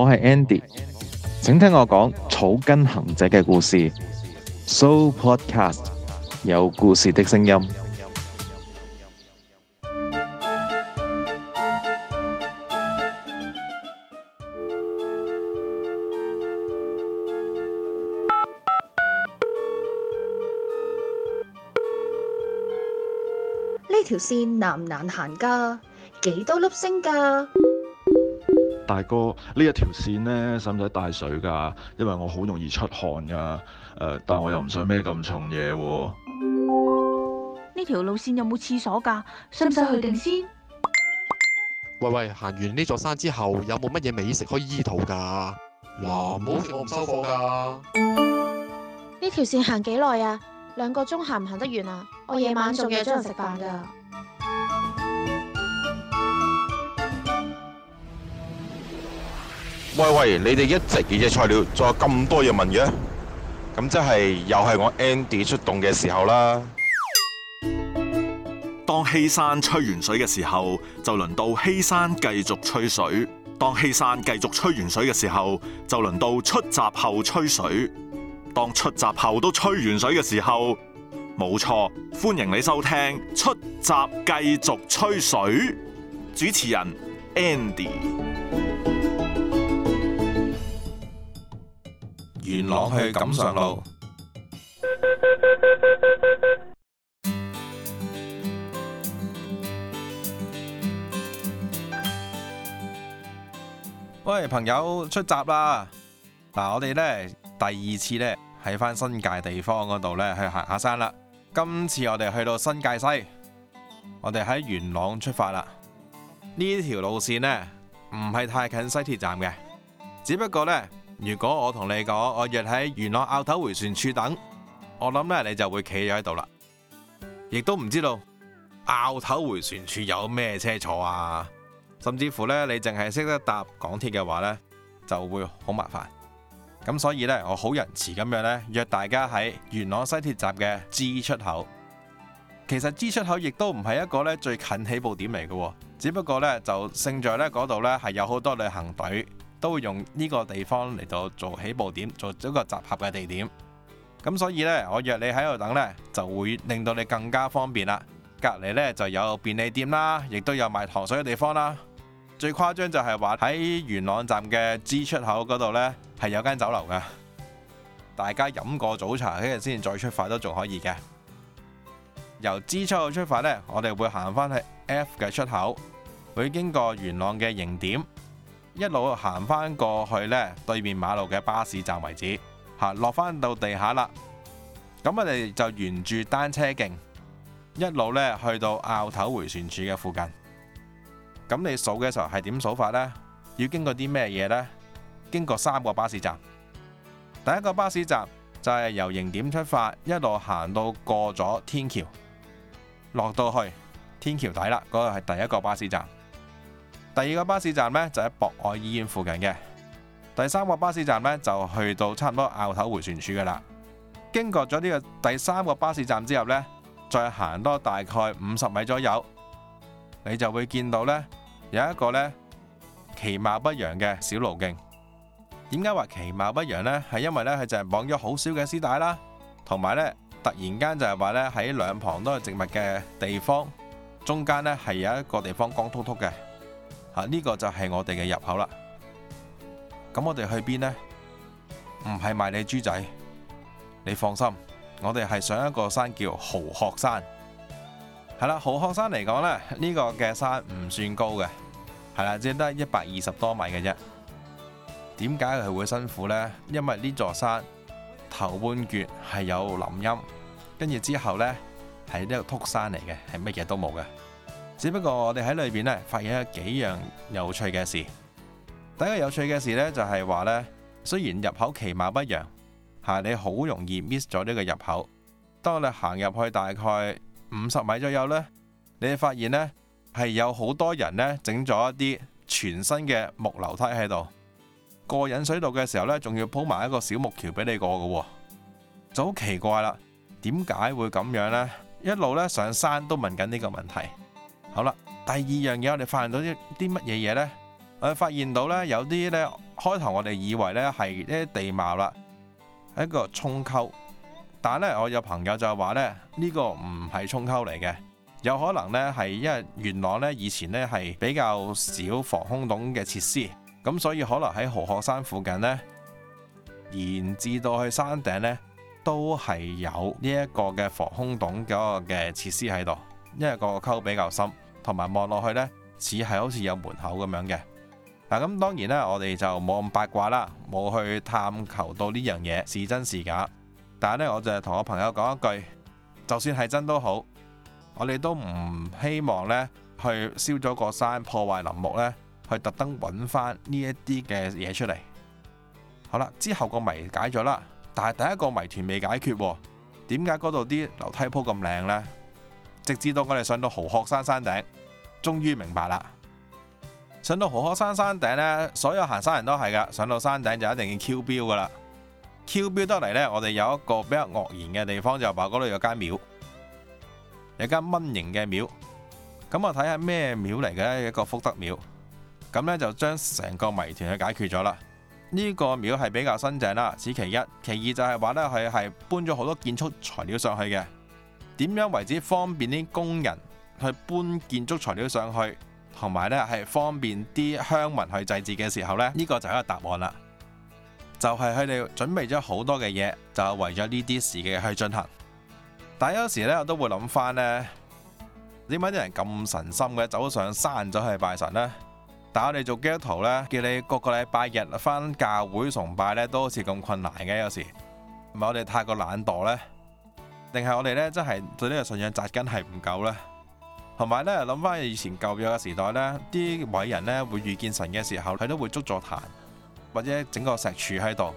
我係 Andy，請聽我講草根行者嘅故事。So Podcast 有故事的聲音。呢條線難唔難行㗎？幾多粒星㗎？大哥，呢一條線呢使唔使帶水㗎？因為我好容易出汗㗎。誒、呃，但係我又唔想孭咁重嘢喎、啊。呢條路線有冇廁所㗎？使唔使去定先？喂喂，行完呢座山之後有冇乜嘢美食可以醫肚㗎？嗱，冇，我唔收貨㗎。呢條線行幾耐啊？兩個鐘行唔行得完啊？我夜晚仲約咗人食飯㗎。喂喂，你哋一直二隻菜鳥，仲有咁多嘢問嘅，咁即係又係我 Andy 出動嘅時候啦。當希山吹完水嘅時候，就輪到希山繼續吹水。當希山繼續吹完水嘅時候，就輪到出閘後吹水。當出閘後都吹完水嘅時候，冇錯，歡迎你收聽出閘繼續吹水。主持人 Andy。元朗去錦上路。喂，朋友出閘啦！嗱、啊，我哋咧第二次咧喺返新界地方嗰度咧去行下山啦。今次我哋去到新界西，我哋喺元朗出發啦。呢條路綫咧唔係太近西鐵站嘅，只不過咧。如果我同你講，我約喺元朗拗頭回旋處等，我諗咧你就會企喺度啦，亦都唔知道拗頭回旋處有咩車坐啊，甚至乎咧你淨係識得搭港鐵嘅話咧，就會好麻煩。咁所以咧，我好仁慈咁樣咧，約大家喺元朗西鐵站嘅 G 出口。其實 G 出口亦都唔係一個咧最近起步點嚟嘅，只不過咧就勝在咧嗰度咧係有好多旅行隊，都會用呢個地方嚟到做起步點，做咗個集合嘅地點。咁所以呢，我約你喺度等呢，就會令到你更加方便啦。隔籬呢就有便利店啦，亦都有賣糖水嘅地方啦。最誇張就係話喺元朗站嘅 G 出口嗰度呢，係有間酒樓噶。大家飲過早茶，跟住先再出發都仲可以嘅。由 G 出口出發呢，我哋會行返去 F 嘅出口，會經過元朗嘅營點。一路行返過去咧，對面馬路嘅巴士站為止，吓落返到地下啦。咁我哋就沿住單車徑一路呢去到坳頭迴旋處嘅附近。咁你數嘅時候係點數法呢？要經過啲咩嘢呢？經過三個巴士站。第一個巴士站就係由營點出發，一路行到過咗天橋，落到去天橋底啦。嗰度係第一個巴士站。第二個巴士站呢，就喺博愛醫院附近嘅。第三個巴士站呢，就去到差唔多拗頭回旋處嘅啦。經過咗呢個第三個巴士站之後呢，再行多大概五十米左右，你就會見到呢有一個呢其貌不揚嘅小路徑。點解話其貌不揚呢？係因為呢，佢淨係綁咗好少嘅絲帶啦，同埋呢，突然間就係話呢，喺兩旁都係植物嘅地方，中間呢，係有一個地方光禿禿嘅。啊！呢個就係我哋嘅入口啦。咁我哋去邊呢？唔係賣你豬仔，你放心，我哋係上一個山叫蠔殼山。係啦，蠔殼山嚟講咧，呢、這個嘅山唔算高嘅，係啦，只得一百二十多米嘅啫。點解佢會辛苦呢？因為呢座山頭半橛係有林蔭，跟住之後呢，係呢個禿山嚟嘅，係乜嘢都冇嘅。只不過我哋喺裏邊咧，發現有幾樣有趣嘅事。第一個有趣嘅事呢，就係話呢，雖然入口其貌不揚，吓你好容易 miss 咗呢個入口。當你行入去大概五十米左右呢，你發現呢，係有好多人呢整咗一啲全新嘅木樓梯喺度。過引水道嘅時候呢，仲要鋪埋一個小木橋俾你過噶，就好奇怪啦。點解會咁樣呢？一路咧上山都問緊呢個問題。好啦，第二樣嘢我哋發，發現到啲啲乜嘢嘢呢？我發現到呢，有啲呢開頭我哋以為呢係一啲地貌啦，係一個沖溝。但係呢，我有朋友就話呢，呢、這個唔係沖溝嚟嘅，有可能呢係因為元朗呢以前呢係比較少防空洞嘅設施，咁所以可能喺蠔殼山附近呢延至到去山頂呢，都係有呢一個嘅防空洞嗰個嘅設施喺度，因為個溝比較深。同埋望落去呢，似係好似有門口咁樣嘅。嗱，咁當然呢，我哋就冇咁八卦啦，冇去探求到呢樣嘢是真是假。但係呢，我就同我朋友講一句，就算係真都好，我哋都唔希望呢去燒咗個山，破壞林木呢，去特登揾翻呢一啲嘅嘢出嚟。好啦，之後個謎解咗啦，但係第一個謎團未解決，點解嗰度啲樓梯鋪咁靚呢？直至到我哋上到豪鶴山山頂，終於明白啦！上到豪鶴山山頂呢，所有行山人都係噶，上到山頂就一定要 Q 標噶啦。Q 標得嚟，呢，我哋有一個比較愕然嘅地方，就話嗰度有間廟，有間蚊形嘅廟。咁我睇下咩廟嚟嘅呢？一個福德廟。咁呢，就將成個謎團去解決咗啦。呢個廟係比較新淨啦，此其一。其二就係話呢，佢係搬咗好多建築材料上去嘅。點樣為之方便啲工人去搬建築材料上去，同埋呢係方便啲鄉民去祭祀嘅時候呢？呢個就係一個答案啦，就係佢哋準備咗好多嘅嘢，就係為咗呢啲事嘅去進行。但有時呢，我都會諗翻呢：點解啲人咁神心嘅，走上山走去拜神呢？但我哋做基督徒呢，叫你個個禮拜日翻教會崇拜呢，都好似咁困難嘅，有時唔係我哋太過懶惰呢？定係我哋咧，真係對呢個信仰扎根係唔夠啦。同埋咧，諗翻以前舊約嘅時代咧，啲偉人咧會遇見神嘅時候，佢都會捉住壇或者整個石柱喺度。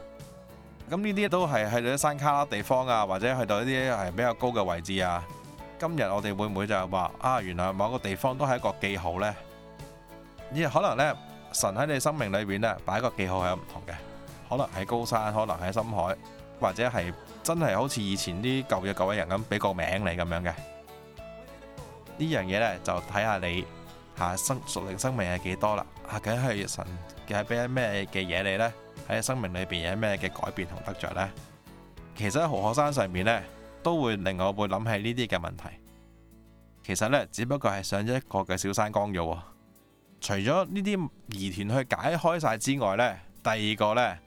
咁呢啲都係去到啲山卡拉地方啊，或者去到一啲係比較高嘅位置啊。今日我哋會唔會就係話啊？原來某個地方都係一個記號咧。呢可能咧，神喺你生命裏邊咧，擺個記號係有唔同嘅。可能喺高山，可能喺深海。或者係真係好似以前啲舊嘅舊嘅人咁俾個名你咁樣嘅呢樣嘢呢，就睇下你吓、啊、生屬靈生命係幾多啦吓、啊，究竟係神嘅係俾啲咩嘅嘢你呢？喺生命裏邊有咩嘅改變同得着呢？其實喺豪學山上面呢，都會令我會諗起呢啲嘅問題。其實呢，只不過係上一個嘅小山崗啫。除咗呢啲疑團去解開晒之外呢，第二個呢。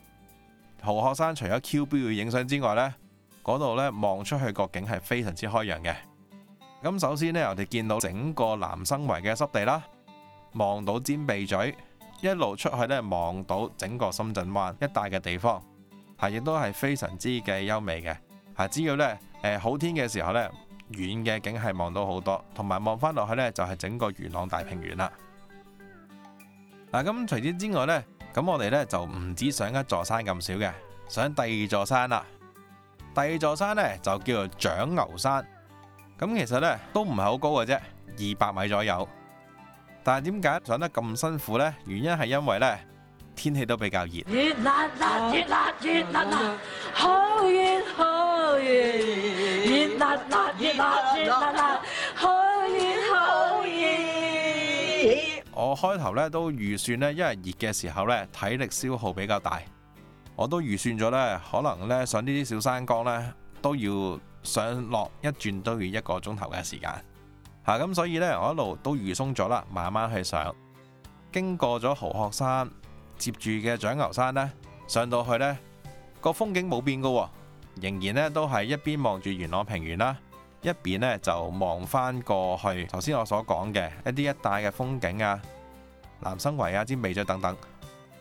蠔殼山除咗 Q 標要影相之外呢，嗰度呢，望出去個景係非常之開揚嘅。咁首先呢，我哋見到整個南生圍嘅濕地啦，望到尖鼻嘴，一路出去呢，望到整個深圳灣一帶嘅地方，啊，亦都係非常之嘅優美嘅。啊，只要呢，誒，好天嘅時候呢，遠嘅景係望到好多，同埋望翻落去呢就係整個元朗大平原啦。嗱，咁除此之外呢。咁我哋咧就唔止上一座山咁少嘅，上第二座山啦。第二座山咧就叫做長牛山。咁其實咧都唔係好高嘅啫，二百米左右。但係點解上得咁辛苦咧？原因係因為咧天氣都比較熱。我開頭咧都預算咧，因為熱嘅時候咧體力消耗比較大，我都預算咗咧，可能咧上呢啲小山崗咧都要上落一轉都要一個鐘頭嘅時間。吓，咁所以呢，我一路都預鬆咗啦，慢慢去上。經過咗豪鶴山，接住嘅長牛山呢，上到去呢，個風景冇變噶，仍然咧都係一邊望住元朗平原啦。一邊咧就望翻過去，頭先我所講嘅一啲一帶嘅風景啊、南生圍啊之類嘅等等。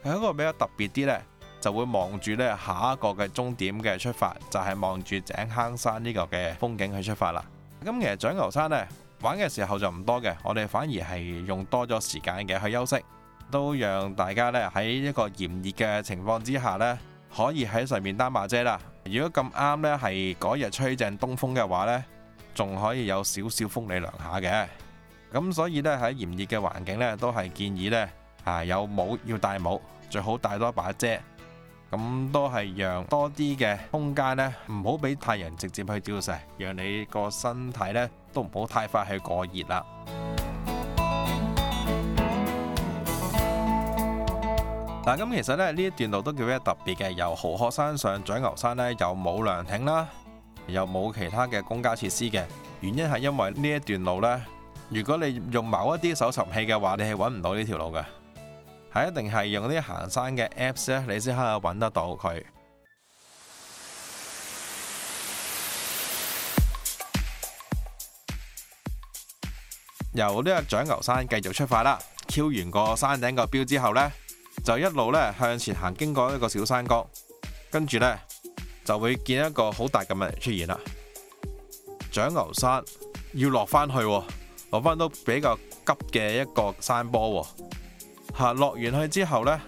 佢喺嗰個比較特別啲咧，就會望住咧下一個嘅終點嘅出發，就係望住井坑山呢個嘅風景去出發啦。咁其實井頭山咧玩嘅時候就唔多嘅，我哋反而係用多咗時間嘅去休息，都讓大家咧喺一個炎熱嘅情況之下咧，可以喺上面擔把遮啦。如果咁啱咧係嗰日吹正東風嘅話咧。仲可以有少少風裏涼下嘅，咁所以咧喺炎熱嘅環境咧，都係建議咧啊有帽要戴帽，最好帶多把遮，咁都係讓多啲嘅空間咧，唔好俾太陽直接去照射，讓你個身體咧都唔好太快去過熱啦。嗱，咁其實咧呢一段路都叫幾特別嘅，由豪鶴山上長牛山咧有冇涼亭啦？又冇其他嘅公交設施嘅原因係因為呢一段路咧，如果你用某一啲搜尋器嘅話，你係搵唔到呢條路嘅，係一定係用啲行山嘅 apps 咧，你先可以搵得到佢。由呢個掌牛山繼續出發啦，Q 完個山頂個標之後咧，就一路咧向前行，經過一個小山角，跟住咧。就會見一個好大嘅物體出現啦，掌牛山要落翻去，落翻都比較急嘅一個山坡吓，落完去之後呢，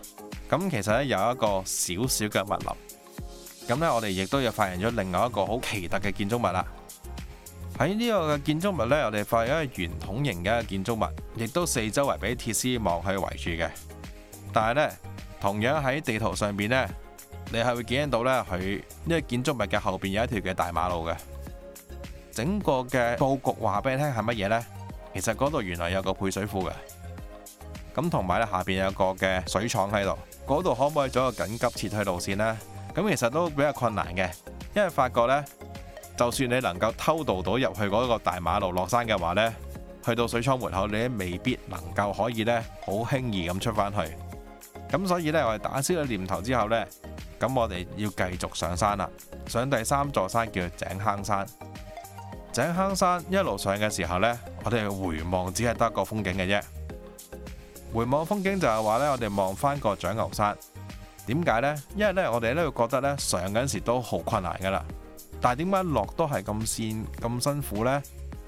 咁其實咧有一個少少嘅物林，咁呢，我哋亦都有發現咗另外一個好奇特嘅建築物啦。喺呢個嘅建築物呢，我哋發現一個圓筒形嘅建築物，亦都四周圍俾鐵絲網去圍住嘅，但係呢，同樣喺地圖上邊呢。你係會見到呢，佢呢個建築物嘅後邊有一條嘅大馬路嘅。整個嘅佈局話俾你聽係乜嘢呢？其實嗰度原來有個配水庫嘅。咁同埋咧，下邊有個嘅水廠喺度。嗰度可唔可以做一個緊急撤退路線呢？咁其實都比較困難嘅，因為發覺呢，就算你能夠偷渡到入去嗰個大馬路落山嘅話呢，去到水廠門口，你未必能夠可以呢好輕易咁出返去。咁所以呢，我哋打消咗念頭之後呢。咁我哋要繼續上山啦，上第三座山叫井坑山。井坑山一路上嘅時候呢，我哋回望只係得個風景嘅啫。回望風景就係話呢，我哋望返個長牛山。點解呢？因為呢，我哋都要覺得呢，上嗰陣時都好困難噶啦。但係點解落都係咁線咁辛苦呢？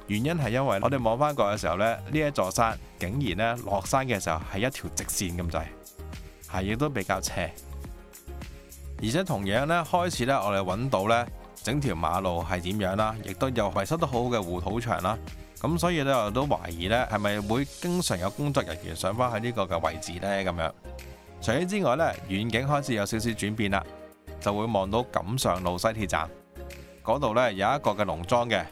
原因係因為我哋望返過嘅時候呢，呢一座山竟然呢，落山嘅時候係一條直線咁滯，係亦都比較斜。而且同樣咧，開始咧，我哋揾到呢整條馬路係點樣啦，亦都有維修得好好嘅護土牆啦。咁所以咧，我都懷疑呢係咪會經常有工作人員上返喺呢個嘅位置呢？咁樣。除此之外呢，遠景開始有少少轉變啦，就會望到錦上路西鐵站嗰度呢，有一個嘅農莊嘅，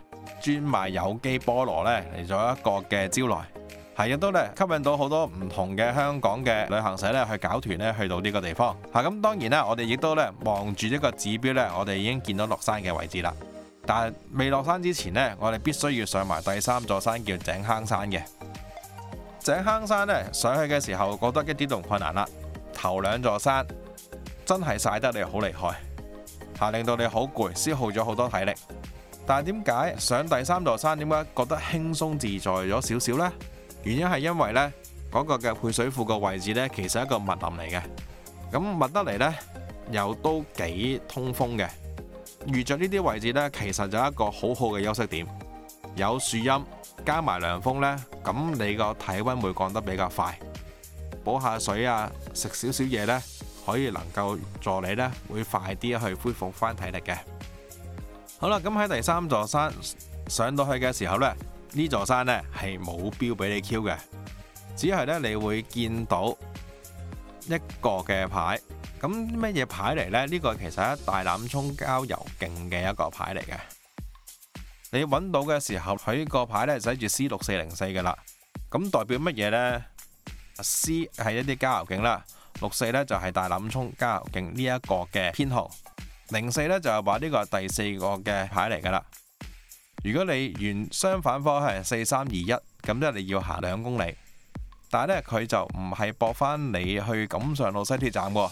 專賣有機菠蘿呢，嚟咗一個嘅招來。係，亦都咧吸引到好多唔同嘅香港嘅旅行社咧去搞團咧，去到呢個地方。吓咁，當然啦，我哋亦都咧望住一個指標咧，我哋已經見到落山嘅位置啦。但係未落山之前咧，我哋必須要上埋第三座山叫井坑山嘅井坑山咧。上去嘅時候覺得一啲都唔困難啦。頭兩座山真係曬得你好厲害吓，令到你好攰，消耗咗好多體力。但係點解上第三座山點解覺得輕鬆自在咗少少呢？原因係因為咧，嗰個嘅配水庫個位置咧，其實係一個密林嚟嘅。咁密得嚟咧，又都幾通風嘅。遇著呢啲位置咧，其實就係一個好好嘅休息點。有樹蔭加埋涼風咧，咁你個體温會降得比較快。補下水啊，食少少嘢咧，可以能夠助你咧，會快啲去恢復翻體力嘅。好啦，咁喺第三座山上到去嘅時候咧。呢座山咧係冇標俾你撬嘅，只係咧你會見到一個嘅牌，咁乜嘢牌嚟咧？呢個其實係大欖涌郊遊徑嘅一個牌嚟嘅。你揾到嘅時候，佢個牌咧寫住 C 六四零四噶啦，咁代表乜嘢咧？C 係一啲郊遊徑啦，六四咧就係大欖涌郊遊徑呢一個嘅編號，零四咧就係話呢個係第四個嘅牌嚟噶啦。如果你原相反方向四三二一，咁即係你要行兩公里，但係呢，佢就唔係駁返你去錦上路西鐵站喎，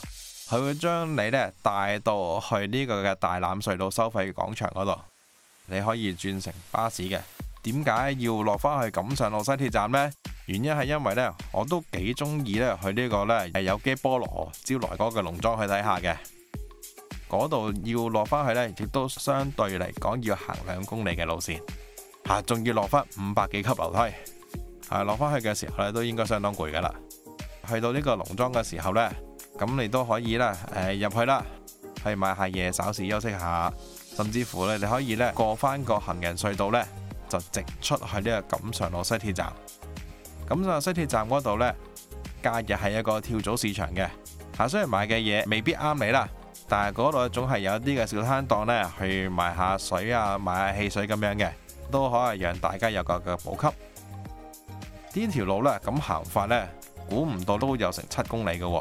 佢會將你呢帶到去呢個嘅大欖隧道收費廣場嗰度，你可以轉乘巴士嘅。點解要落返去錦上路西鐵站呢？原因係因為呢，我都幾中意呢去呢個呢有機菠蘿招來嗰個農莊去睇下嘅。嗰度要落返去呢，亦都相對嚟講要行兩公里嘅路線嚇，仲要落返五百幾級樓梯啊！落返去嘅時候呢，都應該相當攰噶啦。去到呢個農莊嘅時候呢，咁你都可以呢誒入去啦，去買下嘢，稍事休息下，甚至乎呢你可以呢過返個行人隧道呢，就直出去呢個錦上路西鐵站。咁就西鐵站嗰度呢，假日係一個跳蚤市場嘅嚇，雖然買嘅嘢未必啱你啦。但係嗰度總係有啲嘅小攤檔呢，去賣下水啊，賣下汽水咁樣嘅，都可以讓大家有個嘅補給。呢條路呢，咁行法呢，估唔到都有成七公里嘅，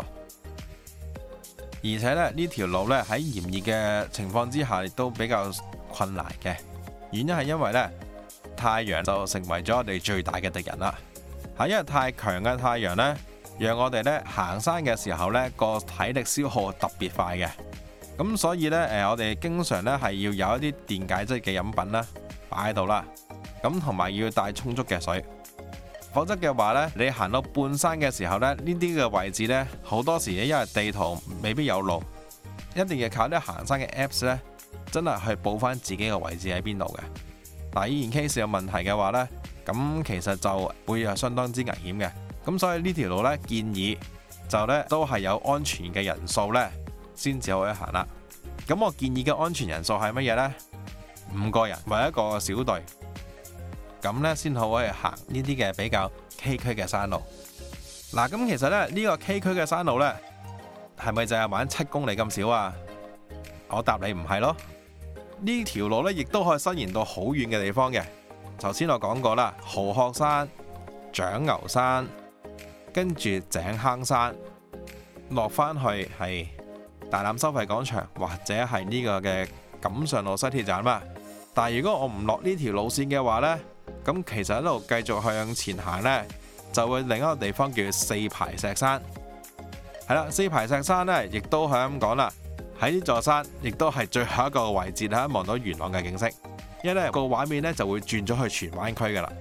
而且呢呢條路呢，喺炎熱嘅情況之下都比較困難嘅。原因係因為呢，太陽就成為咗我哋最大嘅敵人啦。因為太強嘅太陽呢，讓我哋呢行山嘅時候呢，個體力消耗特別快嘅。咁所以呢，誒，我哋經常呢係要有一啲電解質嘅飲品啦，擺喺度啦。咁同埋要帶充足嘅水，否則嘅話呢，你行到半山嘅時候呢，呢啲嘅位置呢，好多時因為地圖未必有路，一定要靠啲行山嘅 apps 呢，真係去補翻自己嘅位置喺邊度嘅。嗱，依然 case 有問題嘅話呢，咁其實就會相當之危險嘅。咁所以呢條路呢，建議就呢都係有安全嘅人數呢。先至可以行啦。咁我建議嘅安全人數係乜嘢呢？五個人為一個小隊，咁呢，先可以行呢啲嘅比較崎嶇嘅山路。嗱，咁其實呢，呢個崎嶇嘅山路呢，係咪就係玩七公里咁少啊？我答你唔係咯。呢條路呢，亦都可以伸延到好遠嘅地方嘅。頭先我講過啦，豪鶴山、長牛山，跟住井坑山，落返去係，大欖收費廣場或者係呢個嘅錦上路西鐵站嘛，但係如果我唔落呢條路線嘅話呢，咁其實一路繼續向前行呢，就會另一個地方叫四排石山，係啦，四排石山呢，亦都係咁講啦，喺呢座山，亦都係最後一個位置，大家望到元朗嘅景色，因為呢個畫面呢就會轉咗去荃灣區噶啦，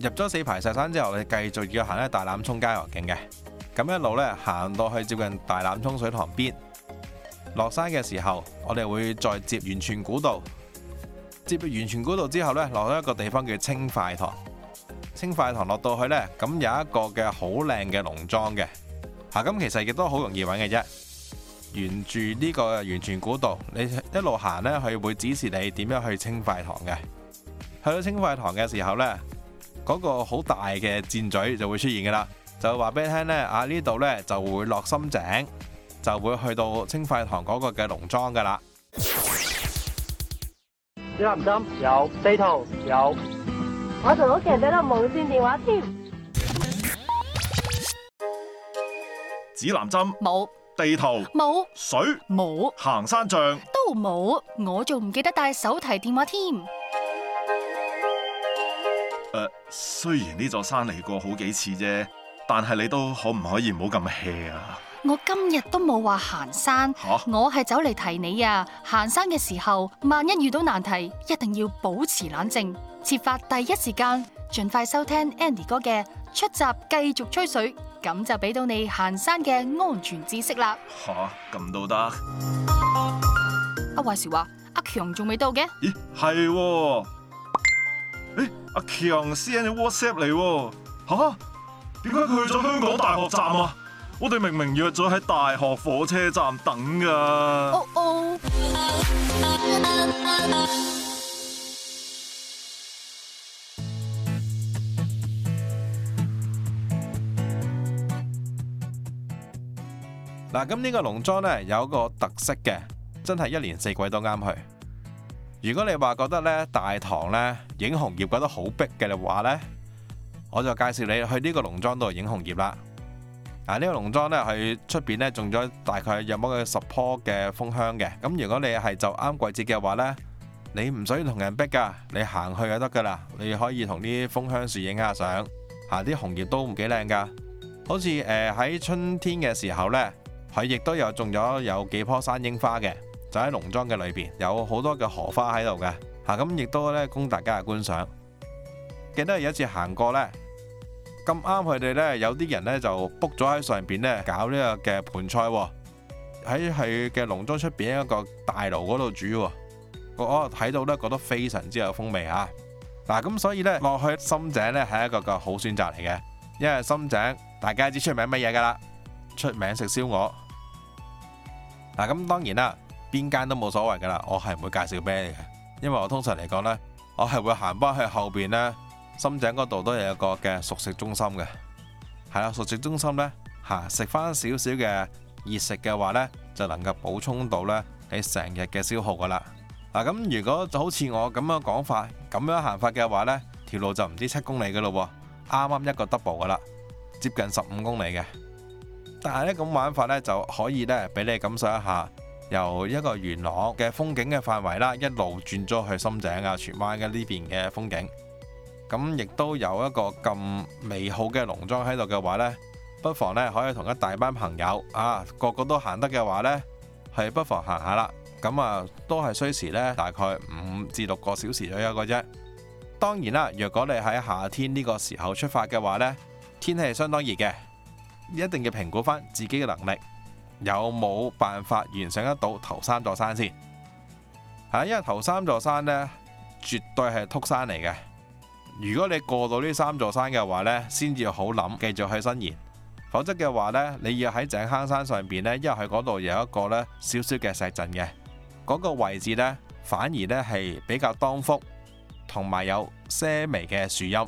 入咗四排石山之後，你繼續要行咧大欖涌街河景嘅。咁一路咧行到去接近大欖涌水塘邊，落山嘅時候，我哋會再接元荃古道。接元荃古道之後呢，落去一個地方叫清快塘。清快塘落到去呢，咁有一個嘅好靚嘅農莊嘅。吓、啊，咁其實亦都好容易搵嘅啫。沿住呢個元荃古道，你一路行呢，佢會指示你點樣去清快塘嘅。去到清快塘嘅時候呢，嗰、那個好大嘅箭嘴就會出現㗎啦。就話俾你聽咧，啊呢度咧就會落深井，就會去到清快塘嗰個嘅農莊噶啦。指南針有，地圖有，有，有，我仲好記得帶無線電話添。指南針冇，地圖冇，水冇，行山杖都冇，我仲唔記得帶手提電話添。誒、呃，雖然呢座山嚟過好幾次啫。但係你都可唔可以唔好咁 hea 啊？我今日都冇話行山，我係走嚟提你啊！行山嘅時候，萬一遇到難題，一定要保持冷靜，設法第一時間盡快收聽 Andy 哥嘅出閘繼續吹水，咁就俾到你行山嘅安全知識啦。吓，咁都得？阿話時話阿強仲未到嘅？咦係？誒，阿強先嘅 WhatsApp 嚟？吓？點解佢去咗香港大學站啊？我哋明明約咗喺大學火車站等噶。嗱，咁呢個農莊呢，有一個特色嘅，真係一年四季都啱去。如果你話覺得呢大棠呢，影紅葉覺得好逼嘅話呢。我就介紹你去呢個農莊度影紅葉啦。嗱，呢個農莊呢，佢出邊呢種咗大概有冇十棵嘅楓香嘅。咁如果你係就啱季節嘅話呢，你唔使同人逼噶，你行去就得噶啦。你可以同啲楓香樹影下相，吓、啊、啲紅葉都唔幾靚噶。好似誒喺春天嘅時候呢，佢亦都有種咗有幾棵山櫻花嘅，就喺農莊嘅裏邊有好多嘅荷花喺度嘅。嚇咁亦都呢，供大家嘅觀賞。記得有一次行過呢，咁啱佢哋呢，有啲人呢，就 book 咗喺上邊呢搞呢個嘅盤菜喺佢嘅農莊出邊一個大爐嗰度煮，我睇到呢，覺得非常之有風味吓嗱。咁、啊、所以呢，落去深井呢，係一個個好選擇嚟嘅，因為深井大家知出名乜嘢噶啦，出名食燒鵝嗱。咁、啊、當然啦，邊間都冇所謂噶啦，我係唔會介紹俾你嘅，因為我通常嚟講呢，我係會行翻去後邊呢。深井嗰度都有一個嘅熟食中心嘅，係啦，熟食中心咧，吓，食翻少少嘅熱食嘅話咧，就能夠補充到咧，你成日嘅消耗噶啦嗱。咁如果就好似我咁樣講法咁樣行法嘅話咧，條路就唔止七公里噶咯，啱啱一個 double 噶啦，接近十五公里嘅。但係咧，咁玩法咧，就可以咧俾你感受一下，由一個元朗嘅風景嘅範圍啦，一路轉咗去深井啊、荃灣嘅呢邊嘅風景。咁亦都有一個咁美好嘅農莊喺度嘅話呢，不妨呢可以同一大班朋友啊，個個都行得嘅話呢，係不妨行下啦。咁啊，都係需時呢，大概五至六個小時左右嘅啫。當然啦，若果你喺夏天呢個時候出發嘅話呢，天氣係相當熱嘅，一定要評估翻自己嘅能力，有冇辦法完成得到頭三座山先。嚇、啊，因為頭三座山呢，絕對係禿山嚟嘅。如果你過到呢三座山嘅話呢，先至好諗繼續去伸延。否則嘅話呢，你要喺井坑山上邊呢，因為嗰度有一個呢少少嘅石陣嘅嗰、嗰個位置呢，反而呢係比較當福，同埋有些微嘅樹蔭。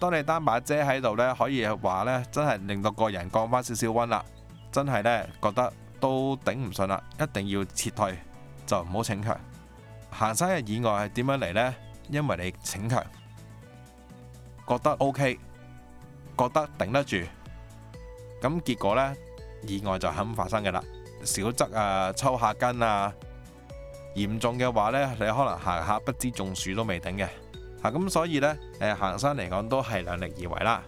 當你擔把遮喺度呢，可以話呢真係令到個人降翻,少少溫啦。真係呢，覺得都頂唔順啦，一定要撤退就唔好逞強。行山嘅意外係點樣嚟呢？因為你逞強。覺得 OK，覺得頂得住，咁結果咧意外就肯發生嘅啦。小則啊抽下筋啊，嚴重嘅話咧，你可能行下不知中暑都未頂嘅嚇。咁所以咧誒行山嚟講都係量力而為啦。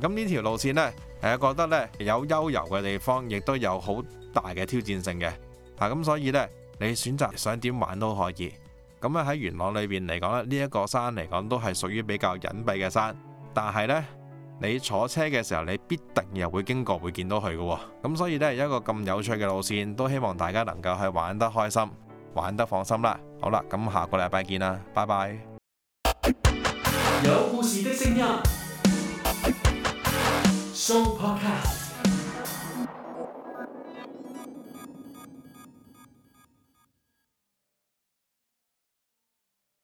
咁呢條路線咧誒覺得咧有悠遊嘅地方，亦都有好大嘅挑戰性嘅嚇。咁所以咧你選擇想點玩都可以。咁咧喺元朗裏邊嚟講咧，呢一個山嚟講都係屬於比較隱蔽嘅山。但係呢，你坐車嘅時候，你必定又會經過，會見到佢嘅，哦。咁所以呢，一個咁有趣嘅路線，都希望大家能夠去玩得開心，玩得放心啦。好啦，咁下個禮拜見啦，拜拜。有故事的